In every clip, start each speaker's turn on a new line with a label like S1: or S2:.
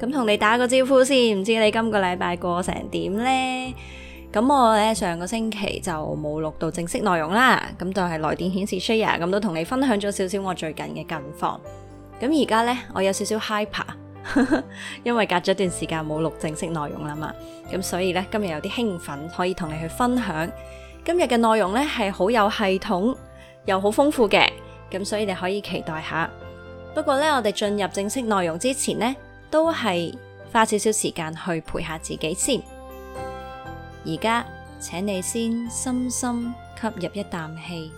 S1: 咁同你打個招呼先，唔知你今個禮拜過成點呢？咁我咧上個星期就冇錄到正式內容啦。咁就係來電顯示 share 咁都同你分享咗少少我最近嘅近況。咁而家呢，我有少少 hyper，呵呵因為隔咗段時間冇錄正式內容啦嘛。咁所以呢，今日有啲興奮，可以同你去分享今日嘅內容呢，係好有系統又好豐富嘅。咁所以你可以期待下。不過呢，我哋進入正式內容之前呢，都係花少少時間去陪下自己先。而家請你先深深吸入一啖氣，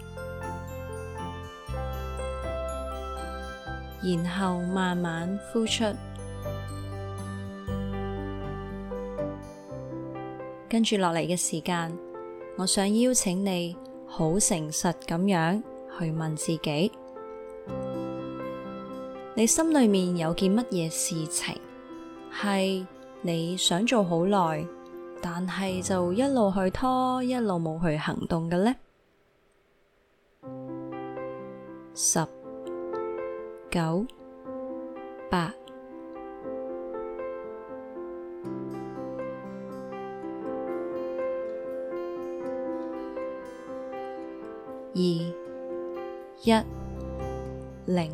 S1: 然後慢慢呼出。跟住落嚟嘅時間，我想邀請你好誠實咁樣去問自己。你心裏面有件乜嘢事情，係你想做好耐，但係就一路去拖，一路冇去行動嘅呢？十、九、八、二、一、零。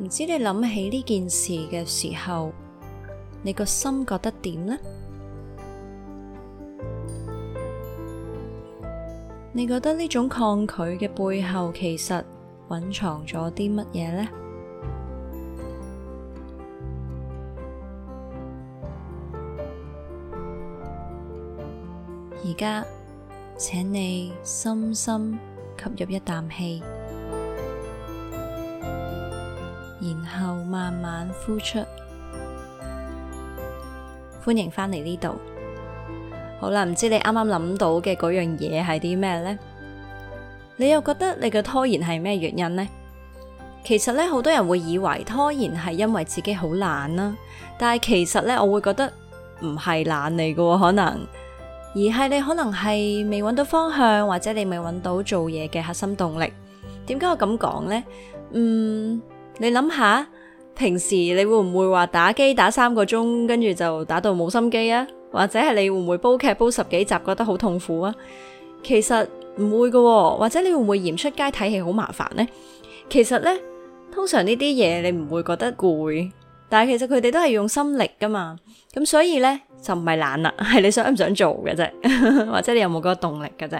S1: 唔知你諗起呢件事嘅時候，你個心覺得點呢？你覺得呢種抗拒嘅背後，其實隱藏咗啲乜嘢呢？而家，請你深深吸入一啖氣。然後慢慢呼出，歡迎翻嚟呢度。好啦，唔知你啱啱諗到嘅嗰樣嘢係啲咩呢？你又覺得你嘅拖延係咩原因呢？其實咧，好多人會以為拖延係因為自己好懶啦，但係其實咧，我會覺得唔係懶嚟噶，可能而係你可能係未搵到方向，或者你未搵到做嘢嘅核心動力。點解我咁講呢？嗯。你諗下，平時你會唔會話打機打三個鐘，跟住就打到冇心機啊？或者係你會唔會煲劇煲十幾集覺得好痛苦啊？其實唔會喎，或者你會唔會嫌出街睇戲好麻煩呢？其實呢，通常呢啲嘢，你唔會覺得攰，但係其實佢哋都係用心力噶嘛。咁所以呢，就唔係懶啦，係你想唔想做嘅啫，或者你有冇嗰個動力嘅啫。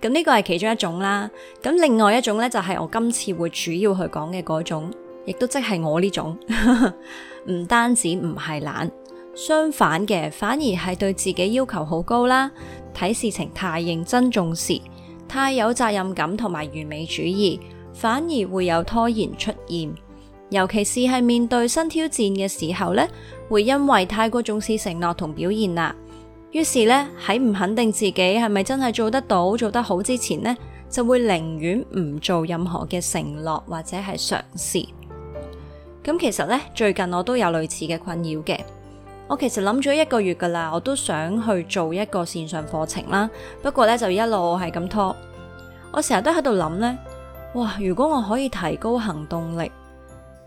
S1: 咁呢個係其中一種啦，咁另外一種咧就係我今次會主要去講嘅嗰種，亦都即係我呢種，唔 單止唔係懶，相反嘅，反而係對自己要求好高啦，睇事情太認真重視，太有責任感同埋完美主義，反而會有拖延出現，尤其是係面對新挑戰嘅時候咧，會因為太過重視承諾同表現啦。於是咧喺唔肯定自己係咪真係做得到做得好之前呢，就會寧願唔做任何嘅承諾或者係嘗試。咁其實咧，最近我都有類似嘅困擾嘅，我其實諗咗一個月噶啦，我都想去做一個線上課程啦，不過咧就一路我係咁拖，我成日都喺度諗咧，哇！如果我可以提高行動力，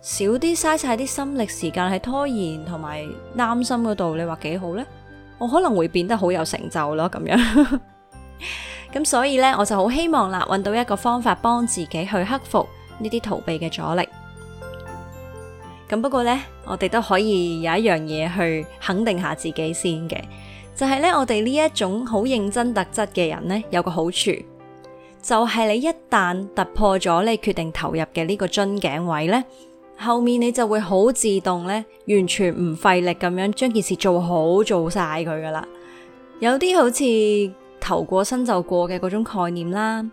S1: 少啲嘥晒啲心力時間喺拖延同埋擔心嗰度，你話幾好咧？我可能會變得好有成就咯，咁樣，咁 所以咧，我就好希望啦，搵到一個方法幫自己去克服呢啲逃避嘅阻力。咁不過咧，我哋都可以有一樣嘢去肯定下自己先嘅，就係咧，我哋呢一種好認真特質嘅人咧，有個好處，就係你一旦突破咗你決定投入嘅呢個樽頸位咧。後面你就會好自動咧，完全唔費力咁樣將件事做好做晒佢噶啦。有啲好似頭過身就過嘅嗰種概念啦。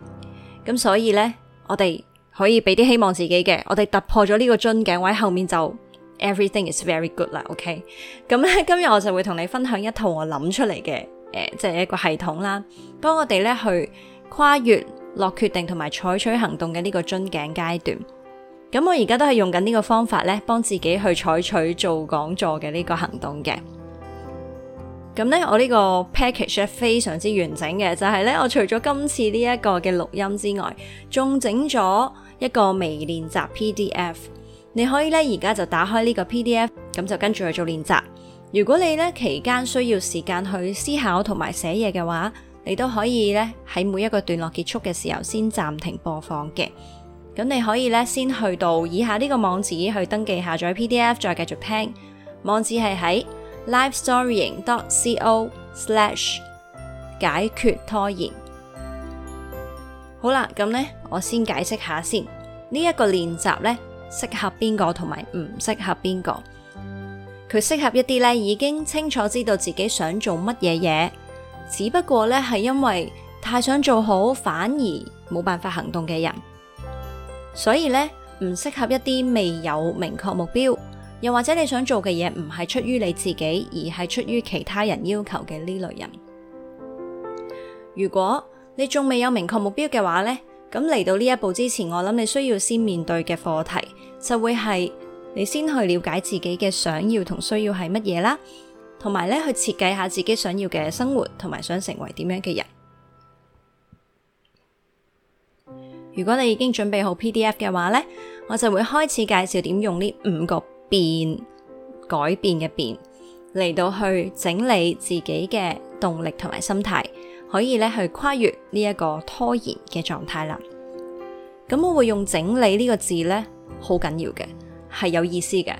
S1: 咁所以咧，我哋可以俾啲希望自己嘅，我哋突破咗呢個樽頸位，後面就 everything is very good 啦。OK，咁咧今日我就會同你分享一套我諗出嚟嘅，誒，即係一個系統啦，幫我哋咧去跨越落決定同埋採取行動嘅呢個樽頸階段。咁我而家都係用緊呢個方法咧，幫自己去採取做講座嘅呢個行動嘅。咁咧，我呢個 package 係非常之完整嘅，就係咧，我除咗今次呢一個嘅錄音之外，仲整咗一個微練習 PDF。你可以咧而家就打開呢個 PDF，咁就跟住去做練習。如果你咧期間需要時間去思考同埋寫嘢嘅話，你都可以咧喺每一個段落結束嘅時候先暫停播放嘅。咁你可以咧，先去到以下呢個網址去登記下載 PDF，再繼續聽。網址係喺 livestorying.co/slash 解決拖延。好啦，咁呢我先解釋下先、這個、呢一個練習呢適合邊個同埋唔適合邊個？佢適合一啲咧已經清楚知道自己想做乜嘢嘢，只不過咧係因為太想做好，反而冇辦法行動嘅人。所以咧，唔適合一啲未有明確目標，又或者你想做嘅嘢唔係出於你自己，而係出於其他人要求嘅呢類人。如果你仲未有明確目標嘅話咧，咁嚟到呢一步之前，我諗你需要先面對嘅課題，就會係你先去了解自己嘅想要同需要係乜嘢啦，同埋咧去設計下自己想要嘅生活，同埋想成為點樣嘅人。如果你已經準備好 PDF 嘅話咧，我就會開始介紹點用呢五個變改變嘅變嚟到去整理自己嘅動力同埋心態，可以咧去跨越呢一個拖延嘅狀態啦。咁我會用整理呢個字咧，好緊要嘅，係有意思嘅，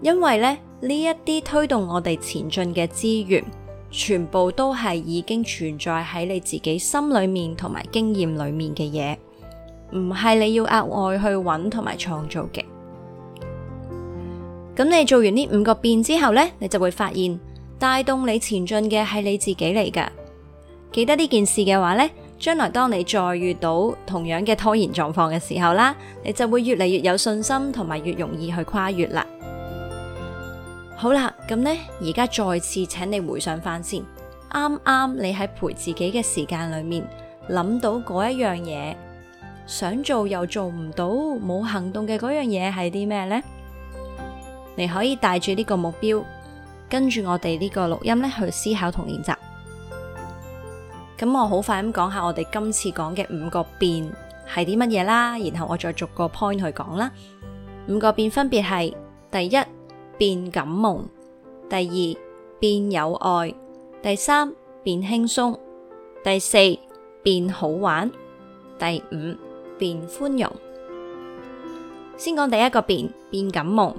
S1: 因為咧呢一啲推動我哋前進嘅資源，全部都係已經存在喺你自己心裏面同埋經驗裏面嘅嘢。唔係你要額外去揾同埋創造嘅，咁你做完呢五個變之後呢，你就會發現帶動你前進嘅係你自己嚟噶。記得呢件事嘅話呢，將來當你再遇到同樣嘅拖延狀況嘅時候啦，你就會越嚟越有信心同埋越容易去跨越啦。好啦，咁呢，而家再次請你回想返先。啱啱你喺陪自己嘅時間裏面諗到嗰一樣嘢。，想做又做唔到，冇行動嘅嗰樣嘢係啲咩呢？你可以帶住呢個目標，跟住我哋呢個錄音呢去思考同練習。咁我好快咁講下我哋今次講嘅五個變係啲乜嘢啦，然後我再逐個 point 去講啦。五個變分別係：第一，變感恩；第二，變有愛；第三，變輕鬆；第四，變好玩，第五變寬容，先講第一個變，變敢夢。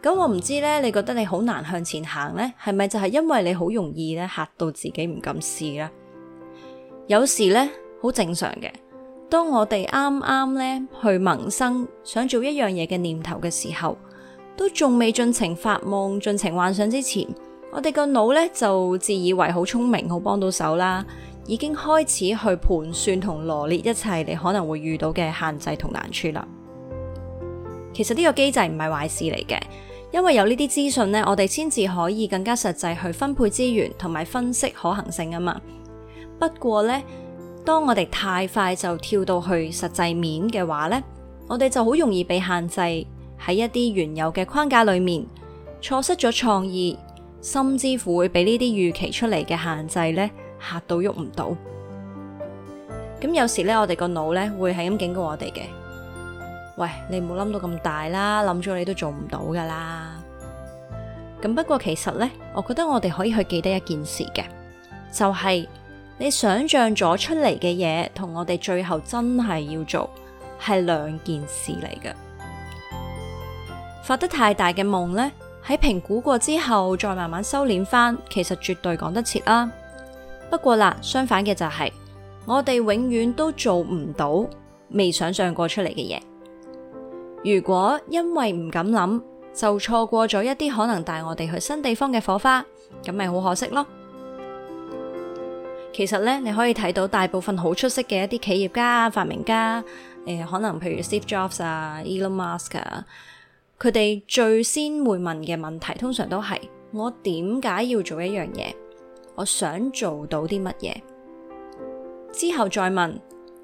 S1: 咁我唔知咧，你覺得你好難向前行咧，係咪就係因為你好容易咧嚇到自己唔敢試啦？有時咧好正常嘅，當我哋啱啱咧去萌生想做一樣嘢嘅念頭嘅時候，都仲未盡情發夢、盡情幻想之前，我哋個腦咧就自以為好聰明、好幫到手啦。已經開始去盤算同羅列一切你可能會遇到嘅限制同難處啦。其實呢個機制唔係壞事嚟嘅，因為有呢啲資訊呢，我哋先至可以更加實際去分配資源同埋分析可行性啊嘛。不過呢，當我哋太快就跳到去實際面嘅話呢，我哋就好容易被限制喺一啲原有嘅框架裏面，錯失咗創意，甚至乎會俾呢啲預期出嚟嘅限制呢。嚇到喐唔到咁。有時咧，我哋個腦咧會係咁警告我哋嘅喂，你冇諗到咁大啦，諗咗你都做唔到噶啦。咁不過其實咧，我覺得我哋可以去記得一件事嘅，就係你想象咗出嚟嘅嘢同我哋最後真係要做係兩件事嚟嘅。發得太大嘅夢咧，喺評估過之後再慢慢收斂翻，其實絕對講得切啦。不過啦，相反嘅就係，我哋永遠都做唔到未想象過出嚟嘅嘢。如果因為唔敢諗，就錯過咗一啲可能帶我哋去新地方嘅火花，咁咪好可惜咯。其實咧，你可以睇到大部分好出色嘅一啲企業家、發明家，誒，可能譬如 Steve Jobs 啊、Elon Musk 啊，佢哋最先會問嘅問題，通常都係：我點解要做一樣嘢？我想做到啲乜嘢？之後再問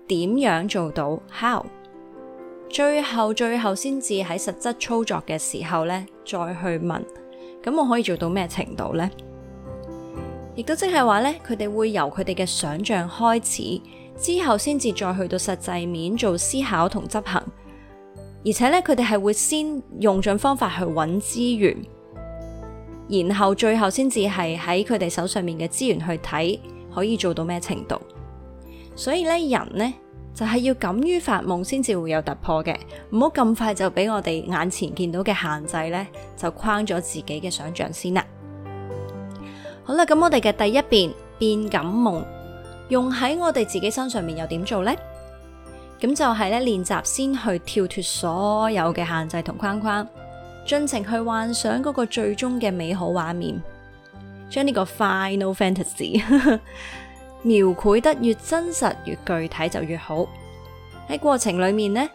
S1: 點樣做到？How？最後最後先至喺實質操作嘅時候呢，再去問，咁我可以做到咩程度呢？亦都即係話呢，佢哋會由佢哋嘅想象開始，之後先至再去到實際面做思考同執行，而且呢，佢哋係會先用盡方法去揾資源。然後最後先至係喺佢哋手上面嘅資源去睇可以做到咩程度，所以咧人呢就係、是、要敢於發夢先至會有突破嘅，唔好咁快就俾我哋眼前見到嘅限制咧就框咗自己嘅想象先啦。好啦，咁我哋嘅第一遍變感夢用喺我哋自己身上面又點做呢？咁就係咧練習先去跳脱所有嘅限制同框框。盡情去幻想嗰個最終嘅美好畫面，將呢個 Final Fantasy 描繪得越真實越具體就越好。喺過程裏面呢，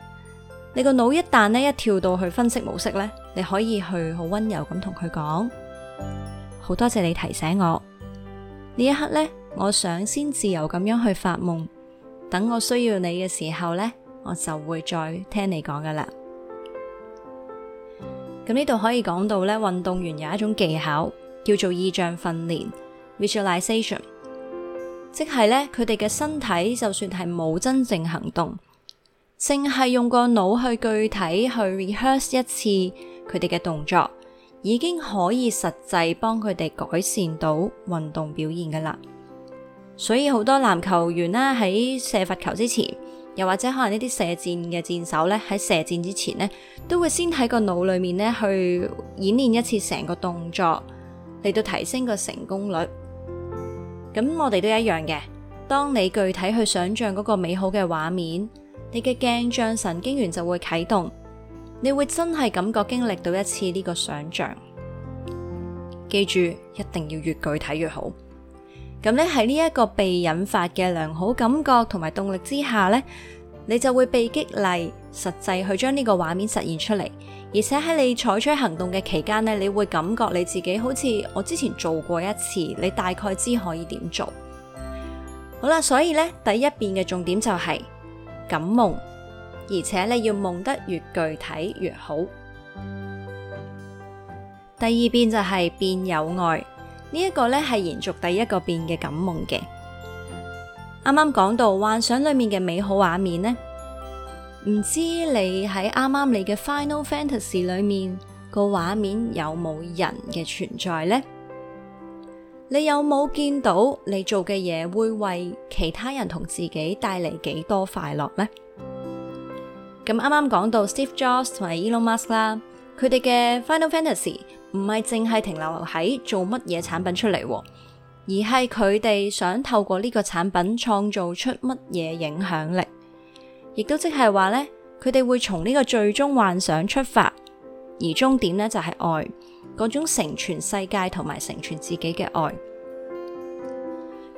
S1: 你個腦一旦一跳到去分析模式呢，你可以去好溫柔咁同佢講，好多謝你提醒我呢一刻呢，我想先自由咁樣去發夢，等我需要你嘅時候呢，我就會再聽你講噶啦。咁呢度可以講到咧，運動員有一種技巧叫做意象訓練 （visualization），即係咧佢哋嘅身體就算係冇真正行動，淨係用個腦去具體去 rehearse 一次佢哋嘅動作，已經可以實際幫佢哋改善到運動表現噶啦。所以好多籃球員啦喺射罰球之前，又或者可能這些戰的戰呢啲射箭嘅箭手咧，喺射箭之前咧，都會先喺個腦裏面咧去演練一次成個動作，嚟到提升個成功率。咁我哋都一樣嘅。當你具體去想象嗰個美好嘅畫面，你嘅鏡像神經元就會啟動，你會真係感覺經歷到一次呢個想象。記住，一定要越具體越好。咁咧喺呢一個被引發嘅良好感覺同埋動力之下呢，你就會被激勵實際去將呢個畫面實現出嚟。而且喺你採取行動嘅期間呢，你會感覺你自己好似我之前做過一次，你大概知可以點做。好啦，所以呢，第一遍嘅重點就係敢夢，而且你要夢得越具體越好。第二遍就係變有愛。呢、這、一個咧係延續第一個變嘅感夢嘅，啱啱講到幻想裏面嘅美好畫面，呢唔知你喺啱啱你嘅 Final Fantasy 裏面個畫面有冇人嘅存在呢？你有冇見到你做嘅嘢會為其他人同自己帶嚟幾多快樂呢？咁啱啱講到 Steve Jobs 同埋 Elon Musk 啦。佢哋嘅 Final Fantasy 唔係淨係停留喺做乜嘢產品出嚟，而係佢哋想透過呢個產品創造出乜嘢影響力，亦都即係話咧，佢哋會從呢個最終幻想出發，而終點咧就係愛，嗰種成全世界同埋成全自己嘅愛。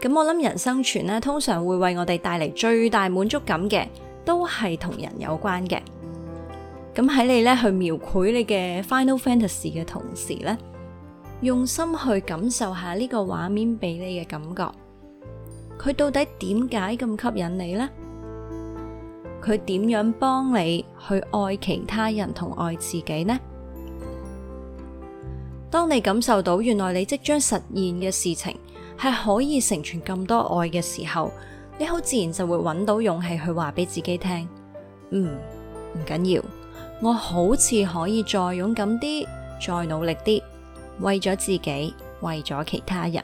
S1: 咁我諗人生存咧，通常會為我哋帶嚟最大滿足感嘅，都係同人有關嘅。咁喺你咧去描繪你嘅 Final Fantasy 嘅同時咧，用心去感受下呢個畫面俾你嘅感覺，佢到底點解咁吸引你呢？佢點樣幫你去愛其他人同愛自己呢？當你感受到原來你即將實現嘅事情係可以成全咁多愛嘅時候，你好自然就會揾到勇氣去話俾自己聽：「嗯，唔緊要。」我好似可以再勇敢啲，再努力啲，為咗自己，為咗其他人。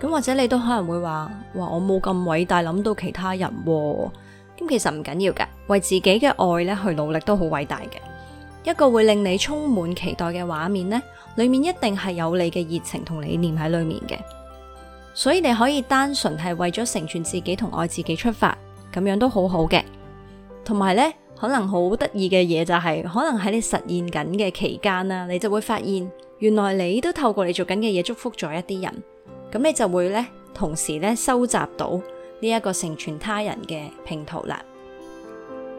S1: 咁或者你都可能會話：哇，我冇咁偉大，諗到其他人喎。咁其實唔緊要嘅，為自己嘅愛咧去努力都好偉大嘅。一個會令你充滿期待嘅畫面呢，裏面一定係有你嘅熱情同理念喺裏面嘅。所以你可以單純係為咗成全自己同愛自己出發，咁樣都好好嘅。同埋咧，可能好得意嘅嘢就係，可能喺你實現緊嘅期間啦，你就會發現，原來你都透過你做緊嘅嘢祝福咗一啲人，咁你就會咧，同時咧收集到呢一個成全他人嘅拼圖啦。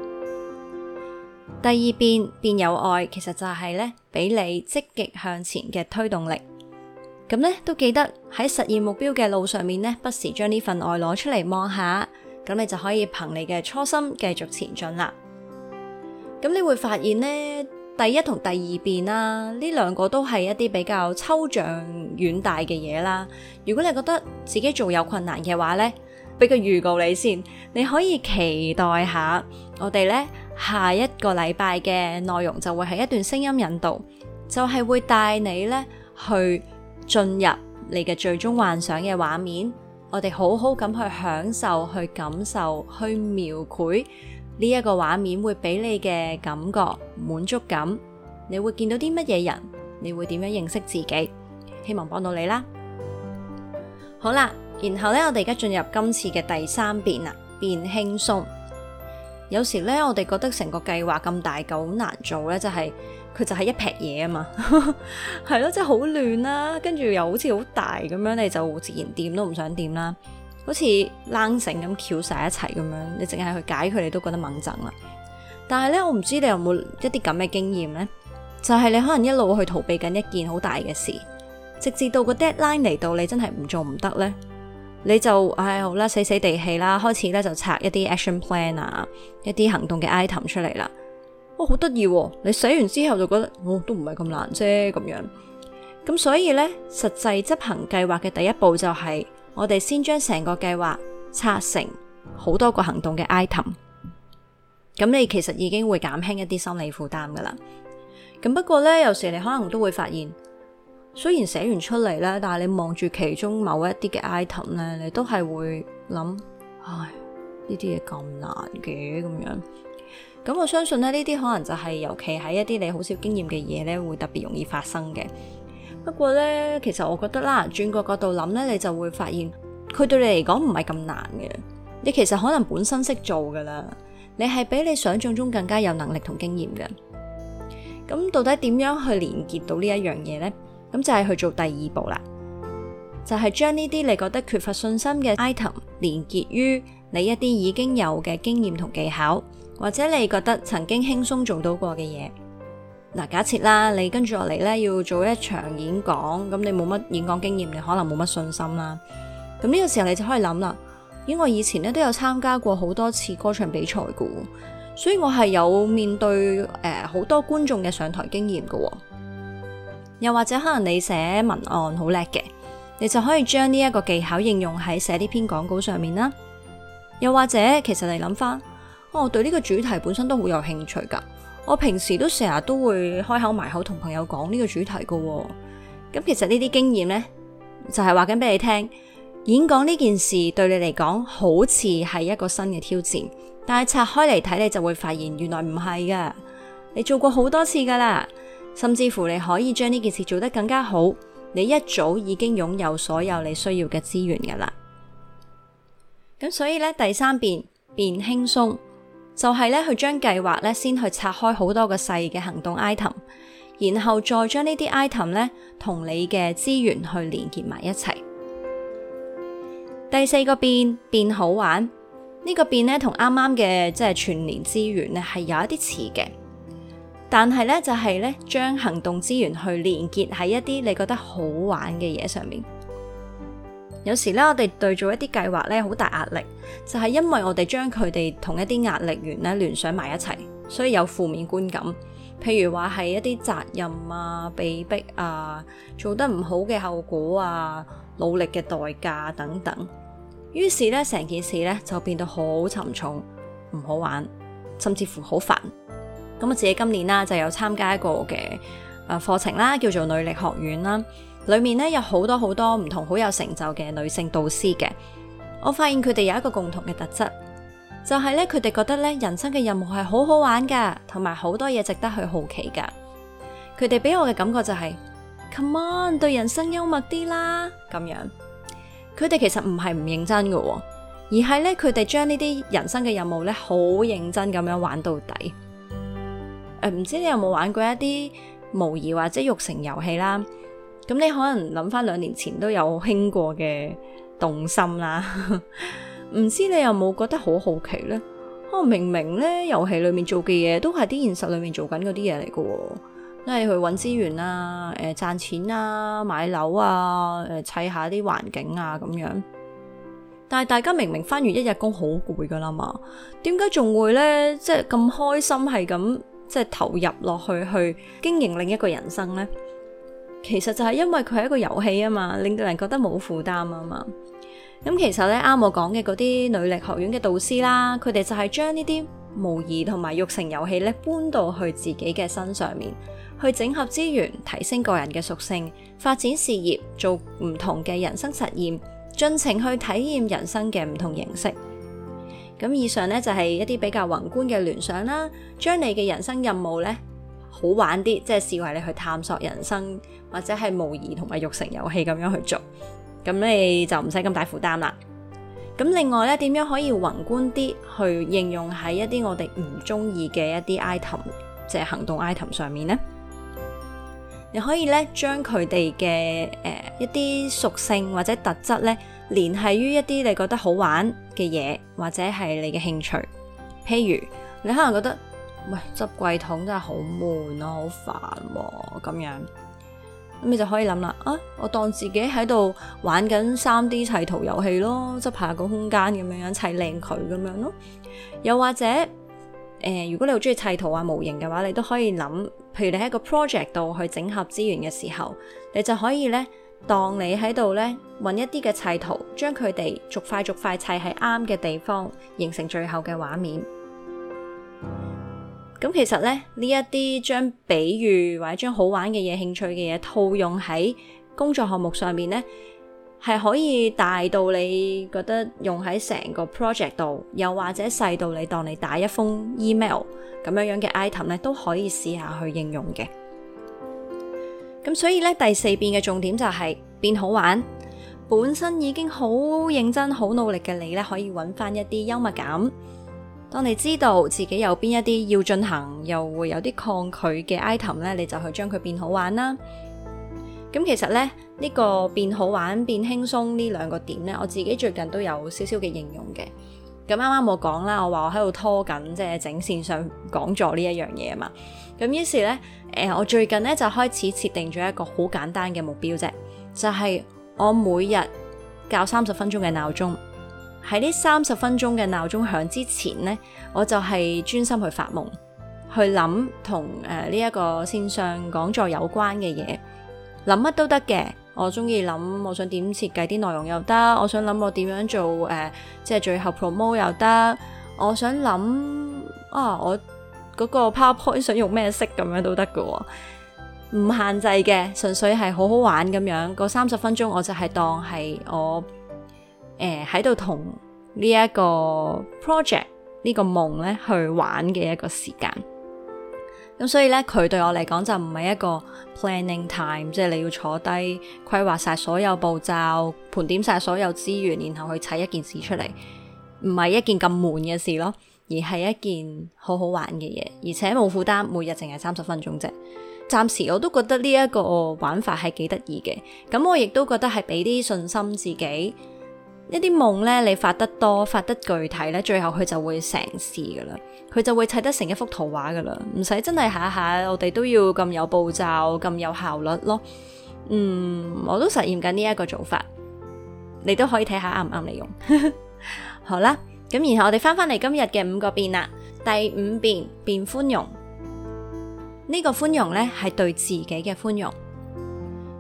S1: 第二遍，變有愛，其實就係咧，俾你積極向前嘅推動力。咁咧都記得喺實現目標嘅路上面呢，不時將呢份愛攞出嚟望下。咁你就可以憑你嘅初心繼續前進啦。咁你會發現呢，第一同第二遍啦，啊，呢兩個都係一啲比較抽象遠大嘅嘢啦。如果你覺得自己做有困難嘅話呢，俾個預告你先，你可以期待下我哋呢，下一個禮拜嘅內容就會係一段聲音引導，就係、是、會帶你呢去進入你嘅最終幻想嘅畫面。我哋好好咁去享受、去感受、去描繪呢一個畫面，會俾你嘅感覺滿足感。你會見到啲乜嘢人？你會點樣認識自己？希望幫到你啦。好啦，然後呢，我哋而家進入今次嘅第三遍啦，變輕鬆。有時咧，我哋覺得成個計劃咁大嚿好難做咧，就係、是、佢就係一撇嘢啊嘛，係 咯，即係好亂啦、啊，跟住又好似好大咁樣，你就自然掂都唔想掂啦，好似冷繩咁翹晒一齊咁樣，你淨係去解佢，你都覺得掹掙啦。但係咧，我唔知道你有冇一啲咁嘅經驗咧，就係、是、你可能一路去逃避緊一件好大嘅事，直至到個 deadline 嚟到，你真係唔做唔得咧。你就唉、哎、好啦，死死地氣啦，開始咧就拆一啲 action plan 啊，一啲行動嘅 item 出嚟啦。哇、哦，好得意、哦！你寫完之後就覺得，哦，都唔係咁難啫咁樣。咁所以咧，實際執行計劃嘅第一步就係、是、我哋先將成個計劃拆成好多個行動嘅 item。咁你其實已經會減輕一啲心理負擔噶啦。咁不過咧，有時你可能都會發現。雖然寫完出嚟咧，但係你望住其中某一啲嘅 item 咧，你都係會諗，唉，呢啲嘢咁難嘅咁樣。咁我相信咧，呢啲可能就係尤其喺一啲你好少經驗嘅嘢咧，會特別容易發生嘅。不過咧，其實我覺得啦，轉個角度諗咧，你就會發現佢對你嚟講唔係咁難嘅。你其實可能本身識做噶啦，你係比你想象中更加有能力同經驗嘅。咁到底點樣去連結到呢一樣嘢咧？咁就係去做第二步啦，就係將呢啲你覺得缺乏信心嘅 item 連結於你一啲已經有嘅經驗同技巧，或者你覺得曾經輕鬆做到過嘅嘢。嗱，假設啦，你跟住落嚟咧要做一場演講，咁你冇乜演講經驗，你可能冇乜信心啦。咁呢個時候你就可以諗啦，因為我以前咧都有參加過好多次歌唱比賽嘅，所以我係有面對誒好多觀眾嘅上台經驗嘅。又或者可能你寫文案好叻嘅，你就可以將呢一個技巧應用喺寫呢篇廣告上面啦。又或者，其實你諗翻，哦，我對呢個主題本身都好有興趣噶，我平時都成日都會開口埋口同朋友講呢個主題噶喎。咁其實呢啲經驗呢，就係話緊俾你聽，演講呢件事對你嚟講好似係一個新嘅挑戰，但係拆開嚟睇，你就會發現原來唔係噶，你做過好多次噶啦。甚至乎你可以將呢件事做得更加好，你一早已經擁有所有你需要嘅資源噶啦。咁所以咧，第三變變輕鬆，就係、是、咧去將計劃咧先去拆開好多個細嘅行動 item，然後再將這些呢啲 item 咧同你嘅資源去連結埋一齊。第四個變變好玩，這個、變呢個變咧同啱啱嘅即係全年資源咧係有一啲似嘅。但係咧，就係咧，將行動資源去連結喺一啲你覺得好玩嘅嘢上面。有時咧，我哋對做一啲計劃咧，好大壓力，就係因為我哋將佢哋同一啲壓力源咧聯想埋一齊，所以有負面觀感。譬如話係一啲責任啊、被逼啊、做得唔好嘅後果啊、努力嘅代價等等。於是咧，成件事咧就變得好沉重、唔好玩，甚至乎好煩。咁我自己今年啦就有參加一個嘅誒課程啦，叫做女力學院啦。裡面咧有好多好多唔同好有成就嘅女性導師嘅。我發現佢哋有一個共同嘅特質，就係咧佢哋覺得咧人生嘅任務係好好玩噶，同埋好多嘢值得去好奇噶。佢哋俾我嘅感覺就係、是、Come on，對人生幽默啲啦咁樣。佢哋其實唔係唔認真噶，而係咧佢哋將呢啲人生嘅任務咧好認真咁樣玩到底。誒，唔知你有冇玩過一啲模擬或者育成遊戲啦？咁你可能諗翻兩年前都有興過嘅動心啦。唔知你有冇覺得好好奇呢？哦，明明呢遊戲裏面做嘅嘢都係啲現實裏面做緊嗰啲嘢嚟噶，即係去搵資源啦，誒賺錢啦，買樓啊，誒砌下啲環境啊，咁樣。但係大家明明翻完一日工好攰噶啦嘛，點解仲會呢即係咁開心係咁？即係投入落去去經營另一個人生咧，其實就係因為佢係一個遊戲啊嘛，令到人覺得冇負擔啊嘛。咁其實咧，啱我講嘅嗰啲女力學院嘅導師啦，佢哋就係將呢啲模擬同埋育成遊戲咧，搬到去自己嘅身上面，去整合資源，提升個人嘅屬性，發展事業，做唔同嘅人生實驗，盡情去體驗人生嘅唔同形式。咁以上咧就係一啲比較宏觀嘅聯想啦，將你嘅人生任務咧好玩啲，即係視為你去探索人生或者係模擬同埋育成遊戲咁樣去做，咁你就唔使咁大負擔啦。咁另外咧，點樣可以宏觀啲去應用喺一啲我哋唔中意嘅一啲 item，即係行動 item 上面咧？你可以咧將佢哋嘅誒一啲屬性或者特質咧。連繫於一啲你覺得好玩嘅嘢，或者係你嘅興趣，譬如你可能覺得喂執櫃桶真係好悶囉，好煩喎咁樣，咁你就可以諗啦啊，我當自己喺度玩緊三 D 砌圖遊戲咯，執下個空間咁樣樣砌靚佢咁樣咯。又或者誒、呃，如果你好中意砌圖啊模型嘅話，你都可以諗，譬如你喺個 project 度去整合資源嘅時候，你就可以咧，當你喺度咧。揾一啲嘅砌圖，將佢哋逐塊逐塊砌喺啱嘅地方，形成最後嘅畫面。咁其實咧呢一啲將比喻或者將好玩嘅嘢、興趣嘅嘢套用喺工作項目上面呢係可以大到你覺得用喺成個 project 度，又或者細到你當你打一封 email 咁樣樣嘅 item 呢都可以試下去應用嘅。咁所以呢，第四變嘅重點就係、是、變好玩。本身已經好認真、好努力嘅你咧，可以揾翻一啲幽默感。當你知道自己有邊一啲要進行又會有啲抗拒嘅 item 咧，你就去將佢變好玩啦。咁其實咧，呢個變好玩、變輕鬆呢兩個點咧，我自己最近都有少少嘅應用嘅。咁啱啱我講啦，我話我喺度拖緊，即係整線上講座呢一樣嘢嘛。咁於是咧，誒我最近咧就開始設定咗一個好簡單嘅目標啫，就係，我每日校三十分鐘嘅鬧鐘，喺呢三十分鐘嘅鬧鐘響之前呢，我就係專心去發夢，去諗同誒呢一個線上講座有關嘅嘢，諗乜都得嘅。我中意諗，我想點設計啲內容又得，我想諗我點樣做誒，即係最後 promote 又得，我想諗啊，我嗰個 PowerPoint 想用咩色咁樣都得㗎喎。唔限制嘅，純粹係好好玩咁樣。嗰三十分鐘我就係當係我誒喺度同呢一個 project 個夢呢個夢咧去玩嘅一個時間。咁所以咧，佢對我嚟講就唔係一個 planning time，即係你要坐低規劃晒所有步驟、盤點晒所有資源，然後去砌一件事出嚟，唔係一件咁悶嘅事咯，而係一件好好玩嘅嘢，而且冇負擔，每日淨係三十分鐘啫。暫時我都覺得呢一個玩法係幾得意嘅，咁我亦都覺得係俾啲信心自己，一啲夢呢，你發得多，發得具體呢，最後佢就會成事噶啦，佢就會砌得成一幅圖畫噶啦，唔使真係下下我哋都要咁有步驟咁有效率咯。嗯，我都實驗緊呢一個做法，你都可以睇下啱唔啱你用。 好啦，咁然後我哋翻返嚟今日嘅五個變啦，第五變變寬容。呢個寬容呢，係對自己嘅寬容。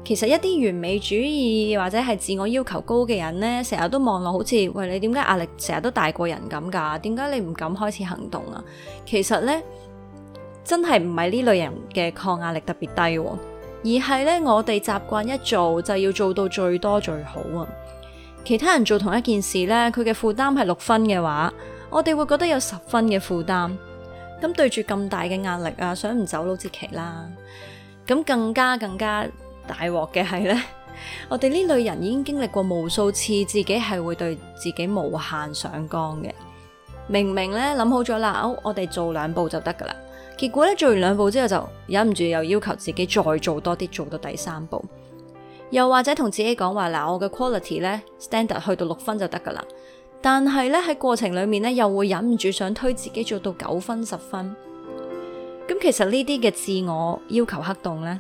S1: 其實一啲完美主義或者係自我要求高嘅人呢，成日都望落好似，喂，你點解壓力成日都大過人咁噶？點解你唔敢開始行動啊？其實呢，真係唔係呢類人嘅抗壓力特別低喎，而係呢，我哋習慣一做就要做到最多最好啊。其他人做同一件事呢，佢嘅負擔係六分嘅話，我哋會覺得有十分嘅負擔。咁對住咁大嘅壓力啊，想唔走都至奇啦？咁更加更加大鑊嘅係咧，我哋呢類人已經經歷過無數次自己係會對自己無限上綱嘅。明明咧諗好咗啦，哦，我我哋做兩步就得噶啦結果咧做完兩步之後就忍唔住又要求自己再做多啲，做到第三步，又或者同自己講話，嗱，我嘅 quality 咧 standard 去到六分就得噶啦。但係咧，喺過程裏面咧，又會忍唔住想推自己做到九分、十分。咁其實呢啲嘅自我要求黑洞咧，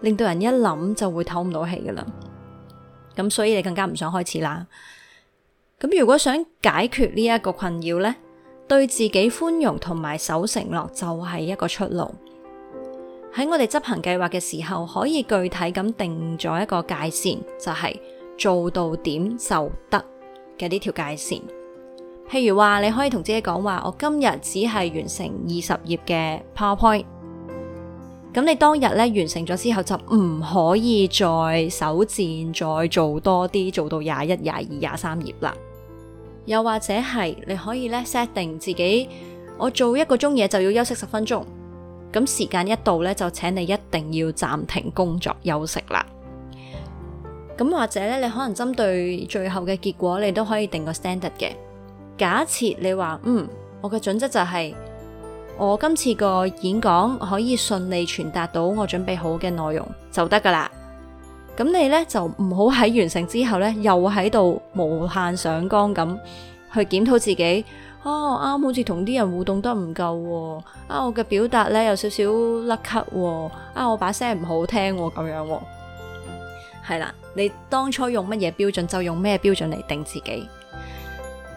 S1: 令到人一諗就會唞唔到氣㗎啦。咁所以你更加唔想開始啦。咁如果想解決呢一個困擾咧，對自己寬容同埋守承諾就係一個出路。喺我哋執行計劃嘅時候，可以具體咁定咗一個界線，就係做到點就得。嘅呢條界線，譬如話你可以同自己講話，我今日只係完成二十頁嘅 PowerPoint，咁你當日咧完成咗之後就唔可以再手賤再做多啲，做到廿一、廿二、廿三頁啦。又或者係你可以咧 set 定自己，我做一個鐘嘢，就要休息十分鐘，咁時間一到咧就請你一定要暫停工作休息啦。咁或者咧，你可能針對最後嘅結果，你都可以定個 standard 嘅。假設你話嗯，我嘅準則就係我今次個演講可以順利傳達到我準備好嘅內容就得噶啦。咁你咧就唔好喺完成之後咧，又喺度無限上綱咁去檢討自己。哦，啱啱好似同啲人互動得唔夠啊，啊，我嘅表達咧有少少甩咳啊，我把聲唔好聽咁樣啊。係啦，你當初用乜嘢標準就用咩標準嚟定自己，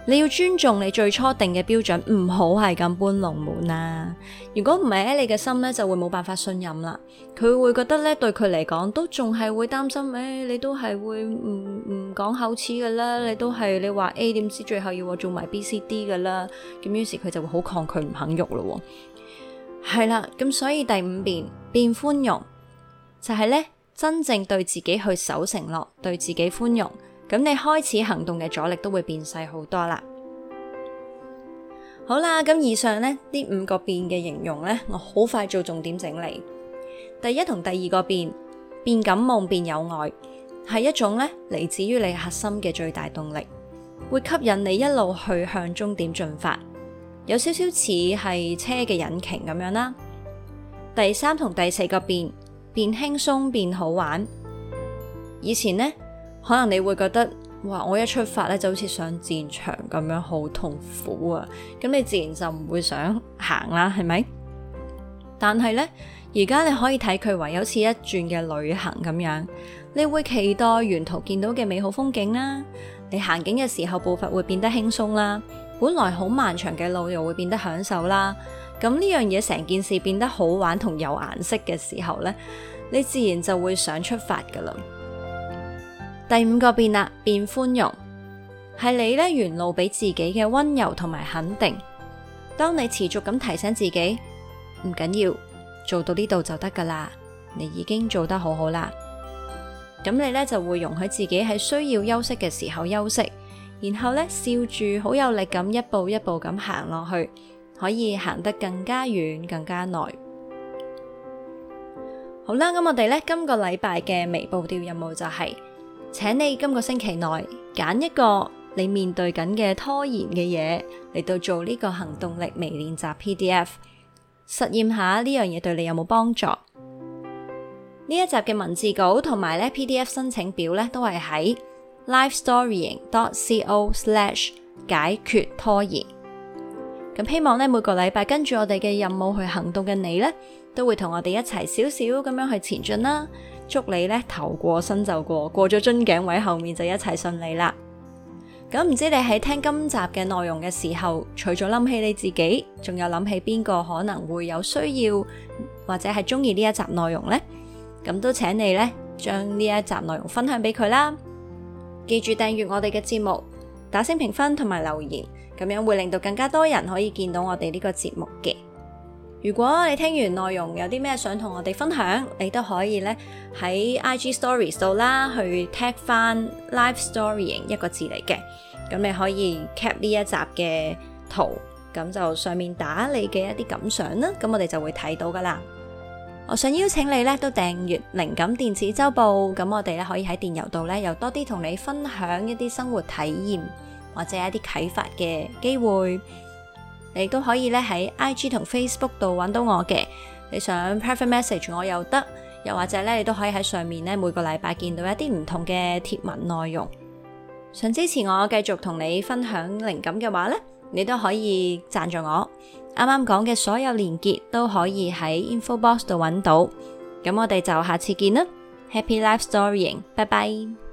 S1: 你要尊重你最初定嘅標準，唔好係咁搬龍門啊！如果唔係，你嘅心咧就會冇辦法信任啦。佢會覺得咧，對佢嚟講都仲係會擔心，誒、哎，你都係會唔唔講口齒噶啦，你都係你話 A 點知，最後要我做埋 B、C、D 噶啦，咁於是佢就會好抗拒，唔肯喐咯。係啦，咁所以第五遍變寬容就係、是、咧。真正對自己去守承諾，對自己寬容，咁你開始行動嘅阻力都會變細好多啦。好啦，咁以上呢五個變嘅形容呢，我好快做重點整理。第一同第二個變，變感夢變有愛，係一種呢嚟自於你核心嘅最大動力，會吸引你一路去向終點進發，有少少似係車嘅引擎咁樣啦。第三同第四個變。變輕鬆，變好玩。以前呢，可能你會覺得，哇！我一出發咧，就好似上戰場咁樣，好痛苦啊！咁你自然就唔會想行啦，係咪？但係呢，而家你可以睇佢為好似一轉嘅旅行咁樣，你會期待沿途見到嘅美好風景啦。你行緊嘅時候，步伐會變得輕鬆啦。本來好漫長嘅路，又會變得享受啦。咁呢樣嘢成件事變得好玩同有顏色嘅時候呢，你自然就會想出發㗎啦。第五個變啦，變寬容，係你呢沿路俾自己嘅溫柔同埋肯定。當你持續咁提醒自己唔緊要，做到呢度就得噶啦，你已經做得好好啦。咁你呢就會容許自己喺需要休息嘅時候休息，然後呢笑住好有力咁一步一步咁行落去。可以行得更加遠，更加耐。好啦，咁我哋呢今個禮拜嘅微步調任務就係、是，請你今個星期內揀一個你面對緊嘅拖延嘅嘢嚟到做呢個行動力微練習 PDF，實驗下呢樣嘢對你有冇幫助。呢一集嘅文字稿同埋咧 PDF 申請表呢，都係喺 LifeStorying.co/slash 解決拖延。希望咧每個禮拜跟住我哋嘅任務去行動嘅你呢，都會同我哋一齊少少咁樣去前進啦。祝你呢頭過身就過，過咗樽頸位後面就一切順利啦。咁唔知你喺聽今集嘅內容嘅時候，除咗諗起你自己，仲有諗起邊個可能會有需要或者係中意呢一集內容呢？咁都請你呢將呢一集內容分享俾佢啦。記住訂閱我哋嘅節目，打星評分同埋留言。咁樣會令到更加多人可以見到我哋呢個節目嘅。如果你聽完內容有啲咩想同我哋分享，你都可以咧喺 IG Stories 度啦，去 tag 翻 Life Storying 一個字嚟嘅。咁你可以 cap 呢一集嘅圖，咁就上面打你嘅一啲感想啦。咁我哋就會睇到噶啦。我想邀請你咧都訂閱靈感電子周報，咁我哋咧可以喺電郵度咧又多啲同你分享一啲生活體驗。或者一啲啟發嘅機會，你都可以咧喺 I G 同 Facebook 度揾到我嘅。你想 private message 我又得，又或者咧你都可以喺上面咧每個禮拜見到一啲唔同嘅貼文內容。想支持我繼續同你分享靈感嘅話咧，你都可以贊助我。啱啱講嘅所有連結都可以喺 info box 度揾到。咁我哋就下次見啦！Happy life storying，拜拜。